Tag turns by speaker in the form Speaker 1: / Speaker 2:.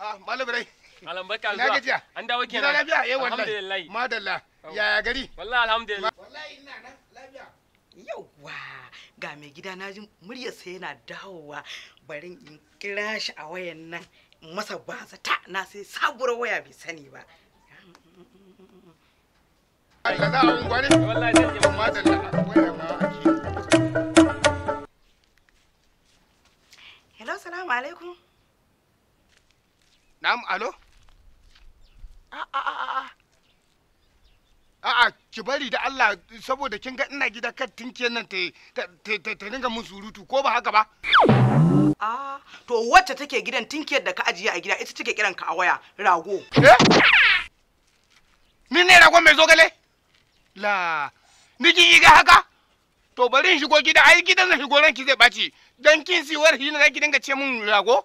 Speaker 1: Ah, Malam Rai. Malam barka zuwa. Na gajiya. An dawo kenan. Ina lafiya, eh wallahi. Alhamdulillah.
Speaker 2: Madalla. Yaya gari? Wallahi alhamdulillah.
Speaker 1: Wallahi ina nan lafiya.
Speaker 2: Yauwa ga mai gida na ji muryarsa yana dawowa bari in kira shi a wayan nan masa bazata na sai sabuwar waya bai sani ba. Allah za a ungwani? Wallahi zan yi madalla a ma
Speaker 3: Hello, salamu alaikum. Na'am, alo? A'a, ah, ah, ah, a'a, ki bari
Speaker 1: da Allah saboda kin ga ina gida kan tinke nan ta ringa mun surutu ko ba haka
Speaker 2: ba? Ah, to wacce take gidan tinkiyar da ka ajiye a gida ita take kiran ka a waya rago. Eh? Ni ne rago mai zogale?
Speaker 1: La, ni kin yi ga haka? To bari in shigo gida, ai gidan na shigo ranki zai ɓaci. Dan kin siwar hina za ki dinga ce mun rago?